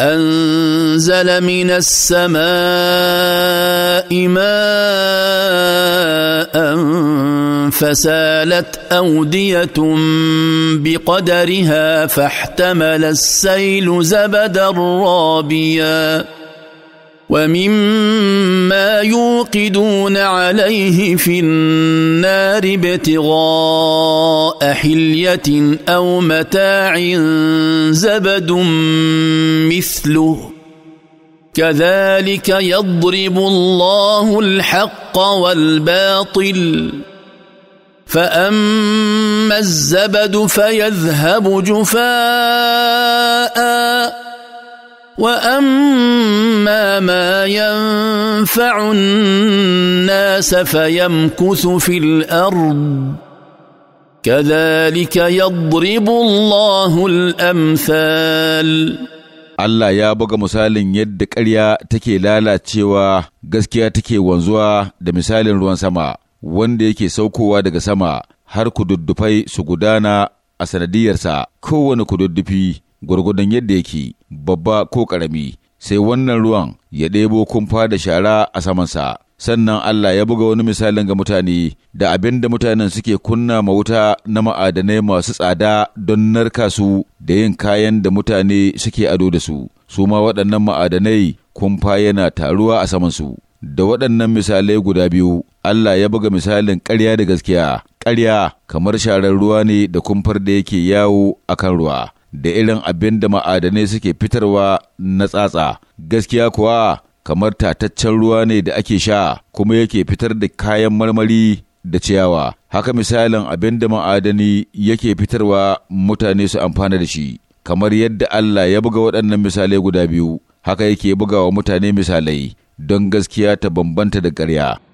انزل من السماء ماء فسالت اوديه بقدرها فاحتمل السيل زبدا رابيا ومما يوقدون عليه في النار ابتغاء حليه او متاع زبد مثله كذلك يضرب الله الحق والباطل فاما الزبد فيذهب جفاء واما ما ينفع الناس فيمكث في الارض كذلك يضرب الله الامثال Allah ya buga misalin yadda ƙarya take lalacewa gaskiya take wanzuwa da misalin ruwan sama wanda yake saukowa daga sama har kududdufai su gudana a sanadiyarsa kowane kududdufi gwargwadon yadda yake babba ko ƙarami, sai wannan ruwan ya ɗebo kumfa da shara a samansa. Sannan Allah ya buga wani misalin ga mutane da abin da mutanen suke kunna ma wuta na ma'adanai masu tsada don narka su da yin kayan da mutane suke ado da su, su ma waɗannan ma'adanai kumfa yana taruwa a samansu. da waɗannan misalai guda biyu, Allah ya buga misalin ƙarya da gaskiya, ƙarya kamar sharar ruwa ne da kumfar da yake yawo a kan ruwa, da irin abin da ma'adanai suke fitarwa na tsatsa, gaskiya kuwa kamar tataccen ruwa ne da ake sha kuma yake fitar da kayan marmari da ciyawa, haka misalin abin da ma'adani yake fitarwa mutane su amfana da shi, kamar yadda Allah ya buga waɗannan misalai guda biyu, haka yake bugawa mutane misalai don gaskiya ta bambanta da ƙarya.